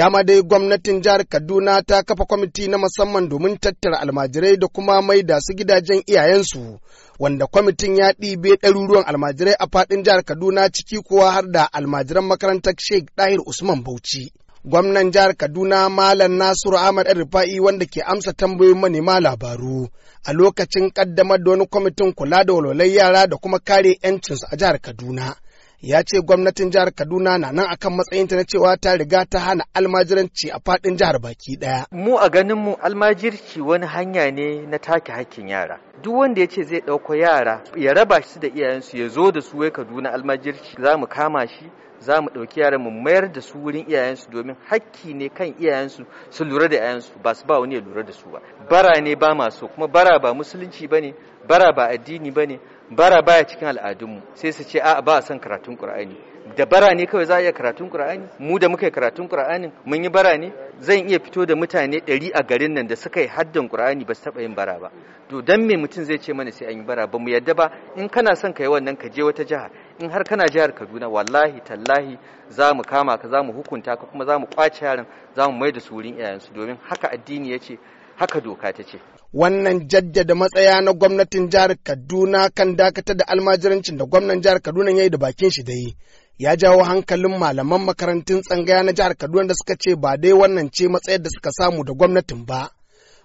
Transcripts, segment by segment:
dama dai gwamnatin jihar Kaduna ta kafa kwamiti na musamman domin tattara almajirai da kuma mai da su gidajen iyayensu, wanda kwamitin ya ɗibe ɗaruruwan almajirai a faɗin jihar Kaduna ciki kuwa har da almajiran makarantar Sheikh Dahir Usman Bauchi. gwamnan jihar Kaduna Malam Nasiru Ahmad Rufa'i wanda ke amsa tambayoyin manema labaru a lokacin ƙaddamar da wani kwamitin kula da walwalar yara da kuma kare 'yancinsu a jihar Kaduna. ya ce gwamnatin jihar Kaduna na nan akan matsayinta na cewa ta riga ta hana almajiranci a fadin jihar baki daya. Mu a ganin mu almajirci wani hanya ne na take hakkin yara. Duk wanda ya ce zai ɗauko yara ya raba shi da iyayensu ya zo da su wai Kaduna almajirci za mu kama shi za mu ɗauki yara mu mayar da su wurin iyayensu domin hakki ne kan iyayensu su lura da iyayensu ba su ba wani ya lura da su ba bara ne ba masu kuma bara ba musulunci ba ne bara ba addini ba ne bara baya cikin al'adunmu sai su ce a ba a son karatun qur'ani da bara ne kawai za a iya karatun qur'ani mu da muka yi karatun qur'anin mun yi bara ne zan iya fito da mutane ɗari a garin nan da suka yi haddan qur'ani ba su taɓa yin bara ba to dan me mutum zai ce mana sai an yi bara ba mu yadda ba in kana son ka yi wannan ka je wata jiha in har kana jihar Kaduna wallahi tallahi za mu kama ka za mu hukunta ka kuma za mu kwace yaran za mu mai da su wurin iyayensu domin haka addini ya ce haka doka ta ce. Wannan jaddada matsaya na gwamnatin jihar Kaduna kan dakatar da almajirancin da gwamnan jihar Kaduna ya yi da bakin shi da yi. Ya jawo hankalin malaman makarantun tsangaya na jihar Kaduna da suka ce ba dai wannan ce matsayar da suka samu da gwamnatin ba.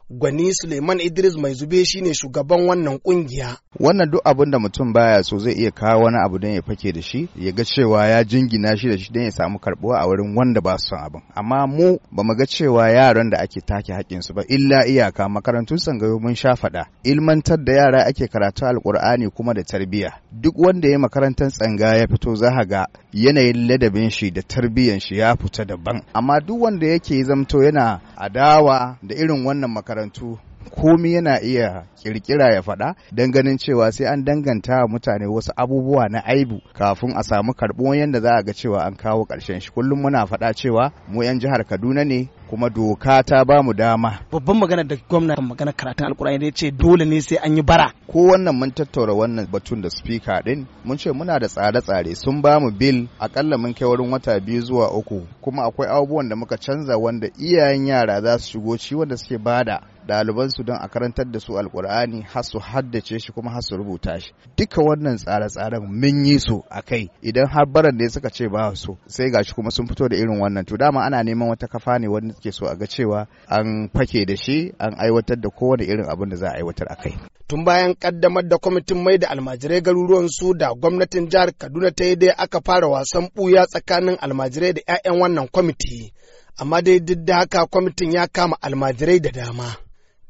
Gwani Suleiman Idris Mai Zube shine shugaban wannan kungiya. Wannan duk abin da mutum baya so zai iya kawo wani abu don ya fake da shi, ya ga cewa ya jingina shi da shi don ya samu karbuwa a wurin wanda ba su son abin. Amma mu ba mu ga cewa yaran da ake take su ba illa iyaka makarantun sangayo mun sha faɗa. Ilmantar da yara ake karatu alƙur'ani kuma da tarbiyya. Duk wanda ya makarantar tsanga ya fito za ga yanayin ladabin shi da tarbiyyan shi ya fita daban. Amma duk wanda yake zamto yana A dawa da irin wannan makarantu komi yana iya kirkira ya faɗa don ganin cewa sai an danganta mutane wasu abubuwa na aibu kafin a samu karɓo yadda za a ga cewa an kawo ƙarshen shi kullum muna faɗa cewa mu 'yan jihar kaduna ne kuma doka ta ba mu dama. Babban magana da gwamna magana karatun alkurani da ce dole ne sai an yi bara. Ko wannan mun tattaura wannan batun da spika din mun ce muna da tsare-tsare sun ba mu bil akalla mun kai wurin wata biyu zuwa uku kuma akwai abubuwan da muka canza wanda iyayen yara za su shigo ci wanda suke bada ɗalibansu don a karantar da su alkur'ani har su haddace shi kuma har su rubuta shi duka wannan tsare-tsaren mun yi su a kai idan har baran ne suka ce ba su sai gashi kuma sun fito da irin wannan to dama ana neman wata kafa ne wanda ke so a ga cewa an fake da shi an aiwatar da kowane irin abin da za a aiwatar a kai tun bayan kaddamar da kwamitin mai da almajirai garuruwan su da gwamnatin jihar kaduna ta yi dai aka fara wasan buya tsakanin almajirai da 'ya'yan wannan kwamiti amma dai duk da haka kwamitin ya kama almajirai da dama